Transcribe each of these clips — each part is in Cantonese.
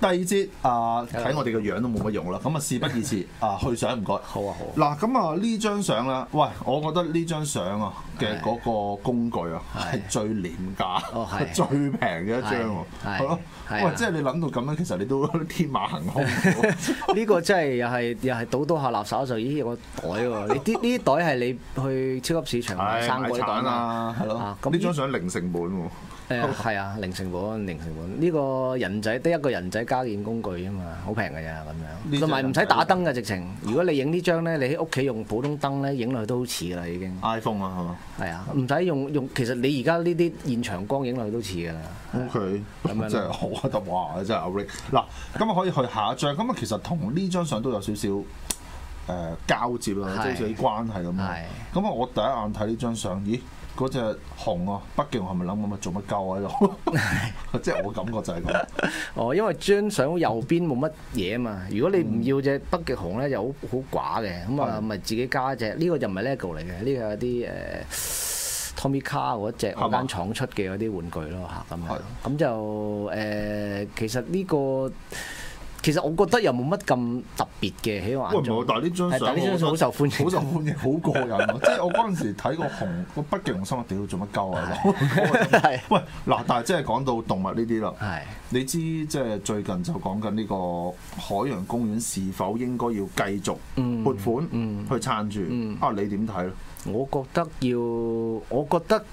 第二節啊，睇我哋個樣都冇乜用啦。咁啊，事不宜遲啊，去相唔該。好啊好。嗱咁啊，呢張相啊，喂，我覺得呢張相啊嘅嗰個工具啊係最廉價、最平嘅一張喎。係咯，喂，即係你諗到咁樣，其實你都天馬行空。呢個真係又係又係倒倒下垃圾就咦有個袋喎？你啲呢袋係你去超級市場買生果袋啊？係咯，咁呢張相零成本喎。誒係啊，零成本，零成本。呢個人仔得一個人仔加件工具啊嘛，好平嘅咋，咁樣。同埋唔使打燈嘅直情。如果你影呢張咧，你喺屋企用普通燈咧，影落去都好似噶啦已經。iPhone 啊，係嘛？係啊，唔使用用，其實你而家呢啲現場光影落去都似噶啦。OK，咁樣真係好啊！得哇，真係啊！嗱，咁啊可以去下一張。咁啊其實同呢張相都有少少誒交接啦，都有啲關係咁啊。咁啊我第一眼睇呢張相，咦？嗰隻熊啊，北極熊係咪諗咁啊？做乜鳩喺度？即係我感覺就係咁。哦，因為張相右邊冇乜嘢啊嘛。如果你唔要隻北極熊咧，就好好寡嘅。咁啊，咪自己加一隻。呢係個就唔係 lego 嚟嘅，呢、呢個有啲誒，Tomica 嗰隻間廠出嘅嗰啲玩具咯嚇咁。咁係就誒、呃，其實呢、呢個。其實我覺得又冇乜咁特別嘅起碼。喂唔係，但係呢張相，呢張相好受歡迎，好受歡迎，好 過癮，即係我嗰陣時睇個熊個北極熊，我屌做乜鳩啊！喂嗱，但係即係講到動物呢啲啦，係是你知即係最近就講緊呢個海洋公園是否應該要繼續撥款去撐住、嗯嗯、啊？你點睇咧？我覺得要，我覺得。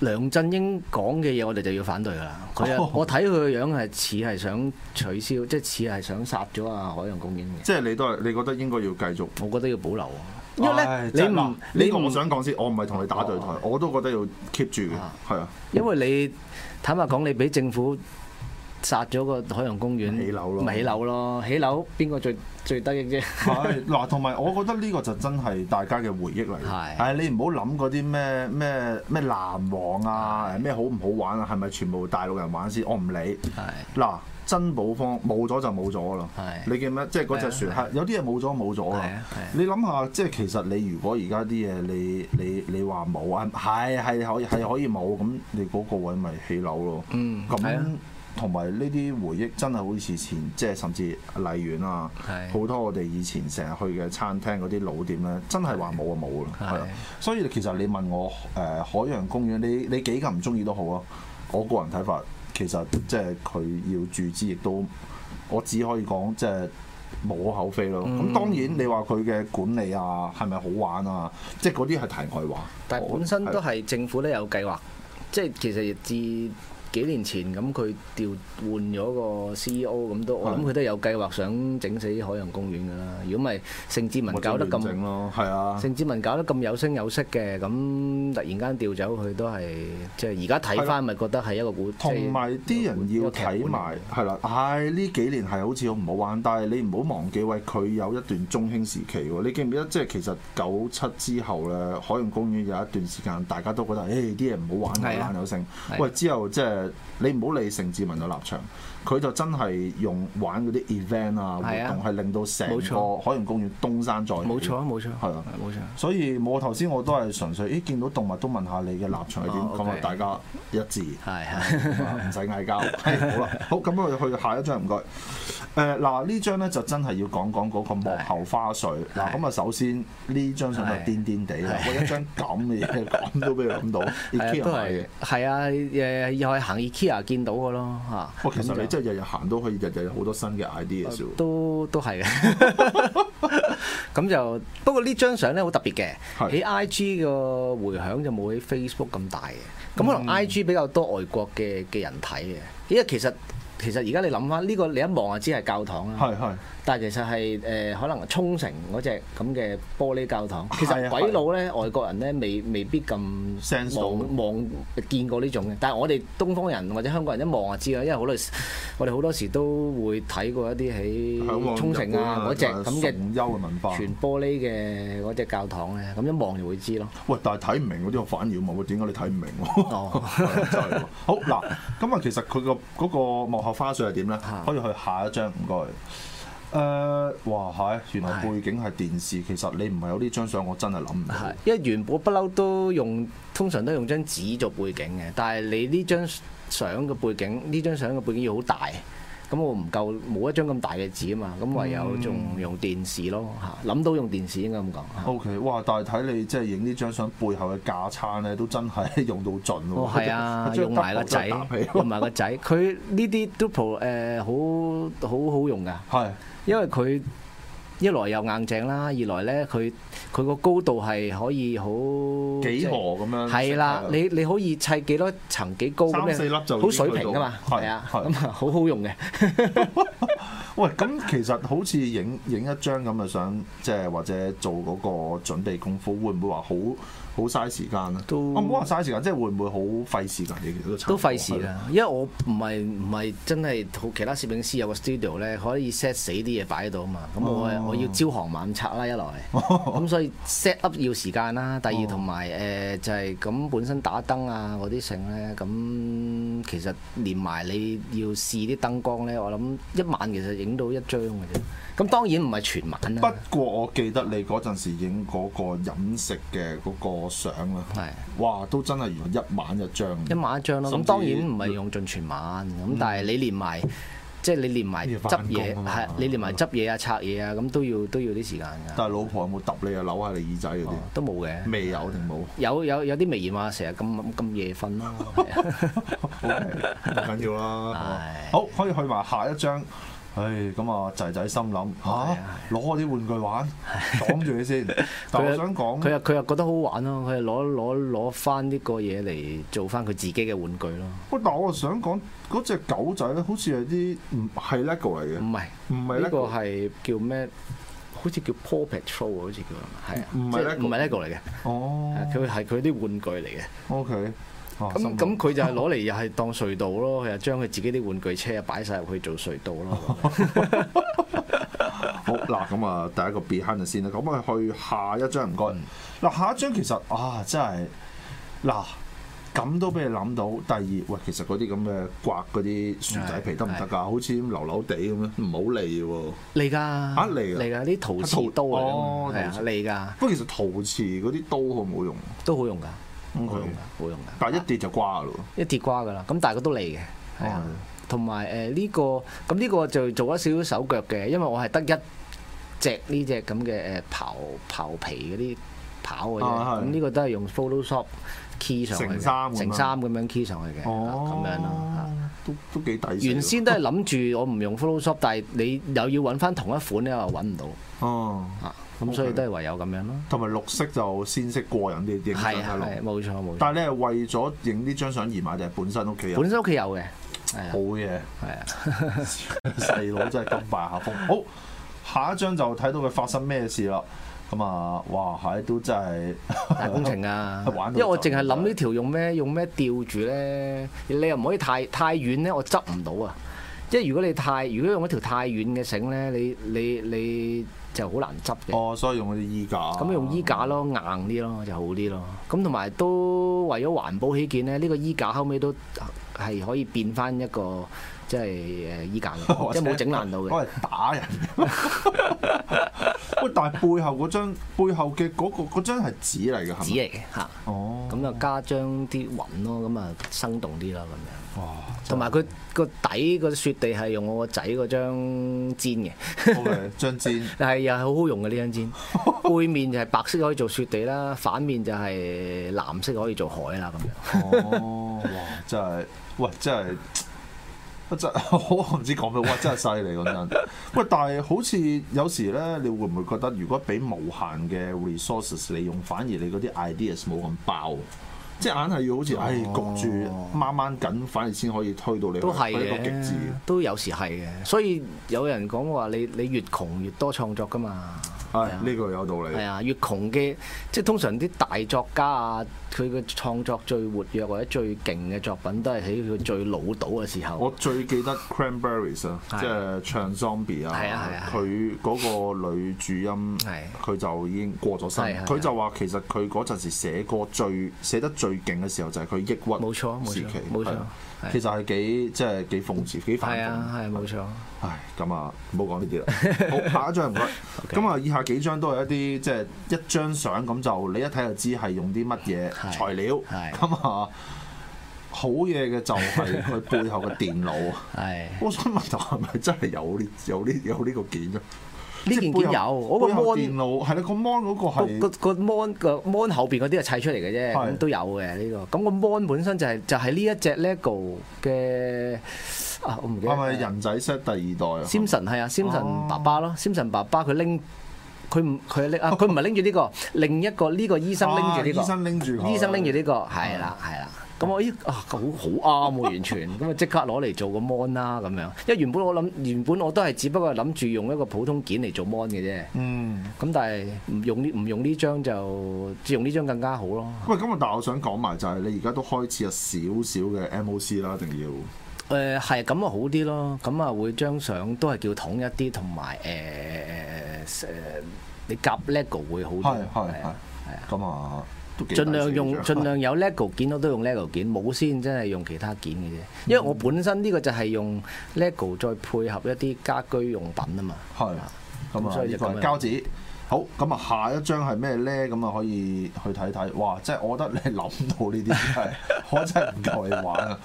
梁振英講嘅嘢，我哋就要反對啦。佢啊，我睇佢個樣係似係想取消，即係似係想殺咗啊海洋公園嘅。即係你都係，你覺得應該要繼續？我覺得要保留啊。因為咧，你唔呢個我想講先，不我唔係同你打對台，哦、我都覺得要 keep 住嘅，係啊。因為你坦白講，你俾政府。殺咗個海洋公園，起樓咯，起樓咯，起樓邊個最最得益啫？係嗱，同埋我覺得呢個就真係大家嘅回憶嚟。係，你唔好諗嗰啲咩咩咩南王啊，咩好唔好玩啊？係咪全部大陸人玩先？我唔理。嗱，珍寶舫冇咗就冇咗啦。係，你記咩？即係嗰隻船有啲嘢冇咗冇咗啦。你諗下，即係其實你如果而家啲嘢，你你你話冇啊？係係可以可以冇咁，你嗰個位咪起樓咯。嗯，咁。同埋呢啲回憶真係好似前，即係甚至荔園啊，好是多我哋以前成日去嘅餐廳嗰啲老店咧，真係話冇啊冇啦。係啊是，所以其實你問我誒、呃、海洋公園，你你幾咁唔中意都好啊。我個人睇法，其實即係佢要注資，亦都我只可以講即係冇可厚非咯。咁、嗯、當然你話佢嘅管理啊，係咪好玩啊？即係嗰啲係題外話。但係本身都係政府咧有計劃，即係其實自幾年前咁佢調換咗個 CEO 咁都，我諗佢都有計劃想整死海洋公園㗎啦。如果唔係盛智文搞得咁，冇競爭咯，係啊。盛智文搞得咁有聲有色嘅，咁突然間調走佢都係，即係而家睇翻咪覺得係一個股。同埋啲人要睇埋係啦，係呢、哎、幾年係好似好唔好玩，但係你唔好忘記喂，佢有一段中興時期喎。你記唔記得即係其實九七之後咧，海洋公園有一段時間大家都覺得誒啲嘢唔好玩㗎，有剩喂，之後即係。的你唔好理成志文嘅立場，佢就真係用玩嗰啲 event 啊活動，係令到成個海洋公園東山再起。冇錯，冇錯，係啊，冇錯。所以我頭先我都係純粹，咦見到動物都問下你嘅立場係點，咁啊大家一致，係係唔使嗌交。好啦，好咁我哋去下一張唔該。誒嗱呢張咧就真係要講講嗰個幕後花絮嗱。咁啊首先呢張相就係癲癲地啦，我一張咁嘅嘢講都俾佢諗到，係都啊誒行 IKEA 見到嘅咯吓，okay, 那就 其實你真係日日行都可以，日日有好多新嘅 idea 嘅、嗯呃、都都係嘅。 咁就不過呢張相咧好特別嘅，喺是的 IG 個回響就冇喺 Facebook 咁大嘅，咁可能 IG 比較多外國嘅嘅人睇嘅，因為其實。其實而家你諗翻呢個，你一望就知係教堂啦。係係。但係其實係誒，可能沖繩嗰隻咁嘅玻璃教堂，其實鬼佬咧、外國人咧，未未必咁望望見過呢種嘅。但係我哋東方人或者香港人一望就知啦，因為好多我哋好多時都會睇過一啲喺沖繩啊嗰隻咁嘅全玻璃嘅嗰隻教堂咧，咁一望就會知咯。喂，但係睇唔明嗰啲我反而冇，點解你睇唔明喎？哦，真係喎。好嗱，咁啊，其實佢個嗰個幕後。個花絮係點呢？可以去下一張唔該。誒，uh, 哇！係原來背景係電視。的其實你唔係有呢張相，我真係諗唔到。因為原本不嬲都用通常都用張紙做背景嘅，但係你呢張相嘅背景，呢張相嘅背景要好大。咁我唔夠冇一張咁大嘅紙啊嘛，咁唯有仲用電視咯嚇，諗、嗯、到用電視應該咁講。O、okay, K，哇！但係睇你即係影呢張相背後嘅架撐咧，都真係用到盡喎。係啊，用埋個仔，同埋個仔。佢呢啲 Duplo 誒好好好用㗎，係、啊、因為佢一來又硬淨啦，二來咧佢。佢個高度係可以好幾何咁樣，係啦，你你可以砌幾多層幾高咁樣，好水平㗎嘛，係啊，咁好好用嘅。喂，咁其實好似影影一張咁啊，想即係或者做嗰個準備功夫，會唔會話好好嘥時間咧？都唔好話嘥時間，即係會唔會好費時間？其實都都費事啦，因為我唔係唔係真係好，其他攝影師有個 studio 咧，可以 set 死啲嘢擺喺度啊嘛。咁我我要朝行晚拆啦，一來所以 set up 要時間啦，第二同埋誒就係、是、咁本身打燈啊嗰啲剩咧，咁其實連埋你要試啲燈光咧，我諗一晚其實影到一張嘅啫。咁當然唔係全晚啦。不過我記得你嗰陣時影嗰個飲食嘅嗰個相啦，係是，哇都真係原來一晚一張。一晚一張咯。咁至當然唔係用盡全晚，咁、嗯、但係你連埋。即係你連埋執嘢係，你連埋執嘢啊、拆嘢啊，咁都要都要啲時間㗎。但係老婆有冇揼你啊、扭下你耳仔嗰啲？都冇嘅。未有定冇？有有有啲微言話，成日咁咁夜瞓啦嘛。唔緊要啦。好，好，可以去埋下一張。唉，咁啊仔仔心諗嚇，攞啲、啊啊、玩具玩，擋住 你先。但係我想講，佢又佢又覺得好玩咯，佢又攞攞攞翻呢個嘢嚟做翻佢自己嘅玩具咯。喂，但係我係想講嗰隻狗仔咧是，好似係啲唔係 lego 嚟嘅。唔係，唔係 lego 係叫咩？好似叫 Paw Patrol，好似叫係啊，唔係 lego 嚟嘅。哦，佢係佢啲玩具嚟嘅。O K。咁咁佢就係攞嚟又係當隧道咯，又將佢自己啲玩具車擺晒入去做隧道咯。好嗱，咁啊，第一個 behind 先啦。咁我去下一張唔該。嗱，下一張其實啊真係嗱，咁都俾你諗到。第二，喂，其實嗰啲咁嘅刮嗰啲薯仔皮得唔得㗎？好似流流地咁樣，唔好利喎。利㗎，啊，利㗎，利㗎啲陶瓷刀哦，係啊，利㗎。不過其實陶瓷嗰啲刀好唔好用？都好用㗎。咁佢 Okay. 用嘅，好用嘅。但係一跌就瓜咯，一跌瓜噶啦。咁但係佢都嚟嘅，係啊、oh 嗎。同埋誒呢個，咁呢個就做一少少手腳嘅，因為我係得一隻呢隻咁嘅誒刨刨皮嗰啲刨嘅嘢。咁呢、oh、個都係用 Photoshop key 上去，成三咁樣，樣 key 上去嘅，咁、oh、樣咯。哦啊都都幾抵先，原先都係諗住我唔用 Photoshop， 但係你又要揾翻同一款咧，又揾唔到。哦、啊，咁、啊、所以都係唯有咁樣啦、啊。同埋綠色就鮮色過人啲啲啊，深海冇錯冇錯。但係你係，為咗影呢張相而買，就係、是、本身屋企。有。本身屋企有嘅。好嘢，係啊。細 佬真係甘拜下風。好，下一張就睇到佢發生咩事啦。咁啊！哇！嗨，都真係大 工程啊， 因為我淨係諗呢條用咩用咩吊住咧？你又唔可以太太遠咧，我執唔到啊。即係如果你太如果用一條太遠嘅繩咧，你你你就好難執嘅。哦，所以用嗰啲衣架咁、啊、用衣架咯，嗯、硬啲咯就好啲咯。咁同埋都為咗環保起見咧，呢、呢個衣架後尾都係可以變翻一個。即係誒依間， 即係冇整爛到嘅。我係打人。喂，但係背後嗰張、背後嘅嗰、嗰個、嗰張係紙嚟嘅，紙嚟嘅嚇。哦。咁就加張啲雲咯，咁啊生動啲啦，咁樣。哇！同埋佢個底個雪地係用我個仔嗰張氈嘅、okay。 張氈但係又係好好用嘅呢張氈。背面就係白色可以做雪地啦，反面就係藍色可以做海啦，咁樣。哦！嗯、哇！真係，喂！真係。真 我唔知講咩，哇！真係犀利嗰陣。喂，但係好似有時咧，你會唔會覺得，如果俾無限嘅 resources 利用，反而你嗰啲 ideas 冇咁爆？即係硬係要好似，唉、哦哎，焗住掹掹緊，反而先可以推到你。都係嘅。極致。都有時係嘅，所以有人講話，你你越窮越多創作㗎嘛。係，呢個有道理。係啊，越窮嘅，即係通常啲大作家啊，佢嘅創作最活躍或者最勁嘅作品，都係喺佢最老到嘅時候。我最記得 Cranberries 啊，即係唱 Zombie 啊，佢嗰個女主音，佢就已經過咗身。佢就話其實佢嗰陣時寫過最寫得最勁嘅時候，就係佢抑鬱冇錯時期。冇錯，其實係幾即係幾諷刺，幾快。係啊，係冇錯。唉，咁啊，唔好講呢啲啦，好，下一張咁啊，以下。幾張都係一啲即係一張相咁就你一睇就知係用啲乜嘢材料，咁啊好嘢嘅就係佢背後嘅電腦。係，我想問下係咪真係有呢？有呢？有呢個件咧？呢件有，我個電腦係啦，mm. 個 mon 嗰個係、個 mon、個 mon 後邊嗰啲係砌出嚟嘅啫，都有嘅呢、呢個。咁、個 mon 本,本身就係、係、就係、係、呢一隻 lego 嘅啊，我唔記得係咪人仔 set 第二代啊？Samson 係啊 s a m、啊啊、s o n 爸爸咯 s a m、啊、s o n 爸爸佢拎。啊佢唔佢拎啊！佢唔係拎住呢個，另一個呢個醫生拎住呢個、啊，醫生拎住，醫生拎住呢個係啦係啦。咁我咦啊，好好啱喎，完全咁 啊，即刻攞嚟做個 mon 啦咁樣，因為原本我諗原本我都係只不過諗住用一個普通件嚟做 mon 嘅啫。嗯。咁但係唔用呢唔用呢張就只用呢張更加好咯。喂，咁啊，但係我想講埋就係你而家都開始有少少嘅 MOC 啦，一定要。誒係咁啊，mile uh, 好啲咯，咁啊會張相都係叫統一啲，同埋誒誒誒你夾 lego 會好啲。係係係啊，咁啊，盡量用，盡量有 lego 件我都用 lego 件，冇先真係用其他件嘅啫。因為我本身呢個就係用 lego 再配合一啲家居用品啊嘛。係啊，咁啊，呢個膠紙好。咁啊，下一張係咩咧？咁啊可以去睇睇。哇！即係我覺得你諗到呢啲係，我真係唔夠你玩啊！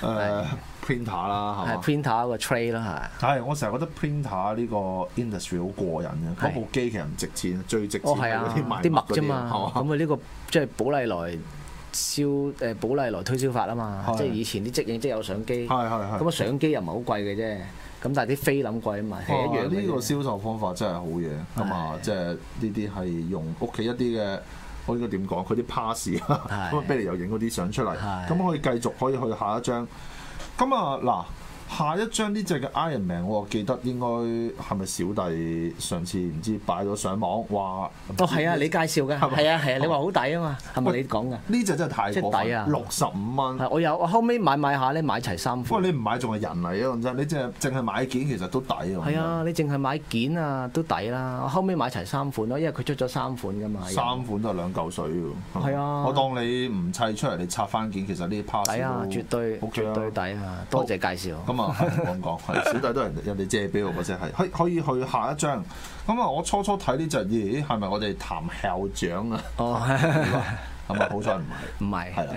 誒 t～cu printer 啦，係 printer 一個 tray 啦，係。係，我成日覺得 printer 呢個 industry 好過癮嘅。嗰部機其實唔值錢，最值錢係嗰啲墨，啲墨啫嘛。咁佢呢個即係寶麗來銷誒寶麗來推銷法啊嘛。即係以前啲即影即有相機，咁啊相機又唔係好貴嘅啫。咁但係啲菲林貴啊嘛，係一樣嘅。呢個銷售方法真係好嘢，咁啊，即係呢啲係用屋企一啲嘅，我應該點講？佢啲 pass 咁啊，俾你又影嗰啲相出嚟，咁可以繼續可以去下一張。咁啊，嗱。下一張呢隻嘅 Iron Man，我記得應該係咪小弟上次唔知擺咗上網？哇！哦，係啊，你介紹嘅係啊係，你話好抵啊嘛，係咪你講嘅？呢隻真係太抵啊！六十五蚊。我有後尾買買下咧，買齊三款。喂，你唔買仲係人嚟啊，你即係淨係買件其實都抵啊。係啊，你淨係買件啊都抵啦。後尾買齊三款咯，因為佢出咗三款噶嘛。三款都係兩嚿水喎。係啊，我當你唔砌出嚟，你拆翻件其實呢 part 都抵啊，絕對絕對抵啊！多謝介紹。咁啊！啊、 嗯，講講，係小弟都人哋人哋借俾我，嗰隻係可以可以去下一張。咁啊，我初初睇呢隻嘢，係咪我哋譚校長啊？哦、oh，咁咪 好彩唔係，唔係的，係啦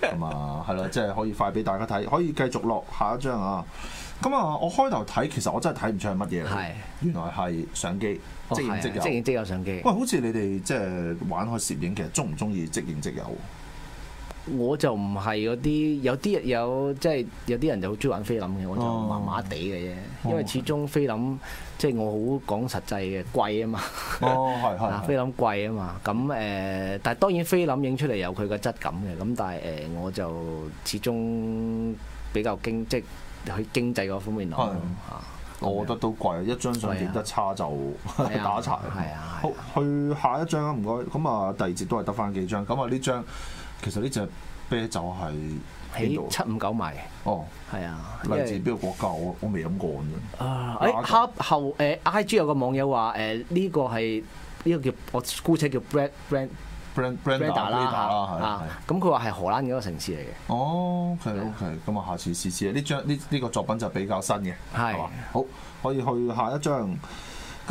的，咁啊，係咯，即係可以快俾大家睇，可以繼續落下，下一張啊。咁啊，我開頭睇，其實我真係睇唔出係乜嘢。係的，原來係相機，即影即有，哦、即影即有相機。喂、欸，好似你哋即係玩開攝影，其實鍾唔鍾意即影即有？我就唔係嗰啲，有啲人有即係有啲人就好鍾意玩菲林嘅，我就麻麻地嘅啫。因為始終菲林、哦、即係我好講實際嘅，貴啊嘛。哦，係係。呵呵的菲林貴啊嘛。咁誒，但係當然菲林影出嚟有佢嘅質感嘅。咁但係誒、呃，我就始終比較經即係喺經濟嗰方面攞。係的。的我覺得都貴，一張相影得差就打柴。係啊的。 好，去下一張啊，唔該。咁啊，第二節都係得返幾張。咁啊，呢張。其實呢隻啤酒係喺度，七五九米哦，係啊，嚟自邊個國家？我我未飲過嘅。啊，誒，後後誒，IG 有個網友話誒，呢個係呢個叫我姑且叫 Brand Brand Brand Brander 啦嚇啊，咁佢話係荷蘭嘅一個城市嚟嘅。哦，OK OK，咁我下次試試啊。呢張呢呢個作品就比較新嘅，係嘛？好，可以去下一張。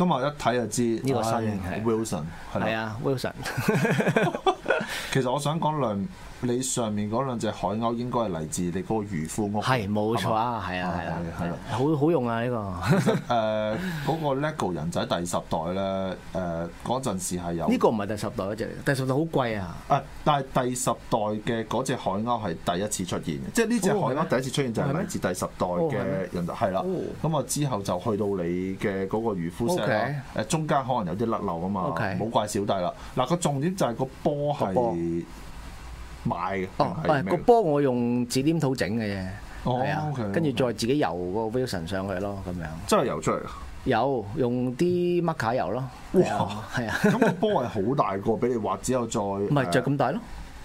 今日一睇就知呢個身型係 Wilson，係咪？係啊 Wilson。其實我想講兩。你上面嗰兩隻海鷗應該係嚟自你嗰個漁夫屋，係冇錯啊，係啊，係啊，係啊，好好用啊呢個誒嗰個 LEGO 人仔第十代咧誒嗰陣時係有呢個唔係第十代嗰隻嚟，第十代好貴啊！誒，但係第十代嘅嗰隻海鷗係第一次出現嘅，即係呢隻海鷗第一次出現就係嚟自第十代嘅人仔，係啦。咁啊之後就去到你嘅嗰個漁夫石，啦，中間可能有啲甩漏啊嘛，冇怪小弟啦。嗱個重點就係個波係。賣哦，唔係個波我用紙黏土整嘅啫，係啊，跟住再自己油個 Wilson 上去咯，咁樣真係油出嚟噶，有用啲麥卡油咯。哇，係啊，咁個波係好大個，俾你畫只有再唔係着咁大咯，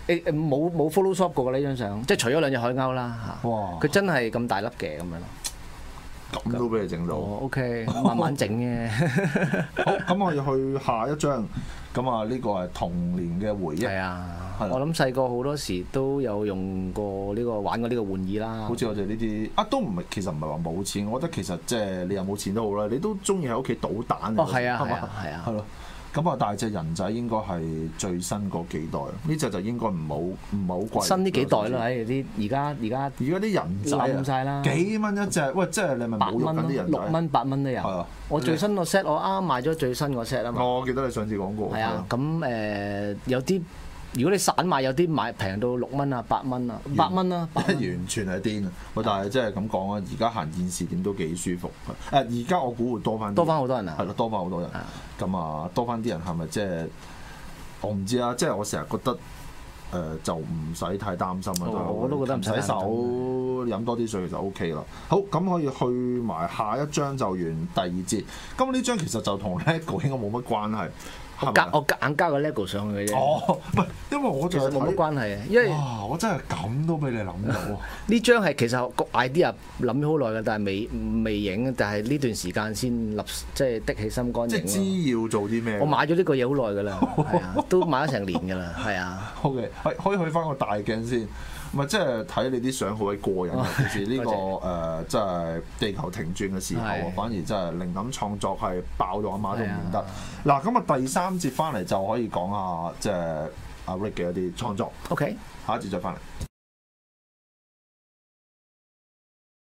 誒冇冇 Photoshop 過呢張相，即係除咗兩隻海鷗啦嚇，佢真係咁大粒嘅咁樣咯。咁都俾你整到。哦，OK，慢慢整嘅。好，咁我要去下一張。咁啊，呢個係童年嘅回憶。係啊，啊我諗細個好多時都有用過呢、呢個玩過呢個玩意啦。好似我哋呢啲，啊都唔係，其實唔係話冇錢。我覺得其實即、就、係、係、你有冇錢都好啦，你都中意喺屋企搗蛋。哦，係啊，係吧啊，係啊，係咯，啊。咁啊大隻人仔應該係最新嗰幾代，呢隻就應該唔好唔好貴。新呢幾代啦，喺啲而家而家而家啲人仔冧曬啦，幾蚊一隻？喂，即係你咪冇六蚊八蚊都有。係啊，我最新個 set，我啱啱買咗最新個 set 啊嘛。我記得你上次講過。係啊，咁誒有啲。如果你散賣有啲買平到六蚊啊八蚊啊八蚊啊？啊啊啊啊 完全係癲啊！但係即係咁講啊，而家行現時點都幾舒服啊！而家我估會多翻多翻好多人啊，係咯，多翻好多人。咁啊的，多翻啲人係咪即係我唔知啊？即、就、係、是、我成日覺得誒、呃、就唔使太擔心啊、哦！我都覺得唔使手飲多啲水就 OK 啦。好，咁可以去埋下一張就完第二節。今呢張其實就同呢 e v e 應該冇乜關係。我是是我夾硬加個 LEGO 上去嘅啫。哦，唔係，因為我仲係冇乜關係啊。哇！我真係咁都俾你諗到喎。呢 張係其實個 idea 諗咗好耐嘅，但係未未影，但係呢段時間先立即的起心肝即係知要做啲咩？我買咗呢個嘢好耐㗎啦，都買咗成年㗎啦，係啊。 OK，可以去翻個大鏡先。咪即係睇你啲相好鬼過癮，於 是呢、呢個誒、 呃、即係地球停轉嘅時候， 反而即係靈感創作係爆咗阿媽，媽都唔得。嗱，咁啊第三節翻嚟就可以講下即係阿 Rick 嘅一啲創作。OK，下一節再翻嚟。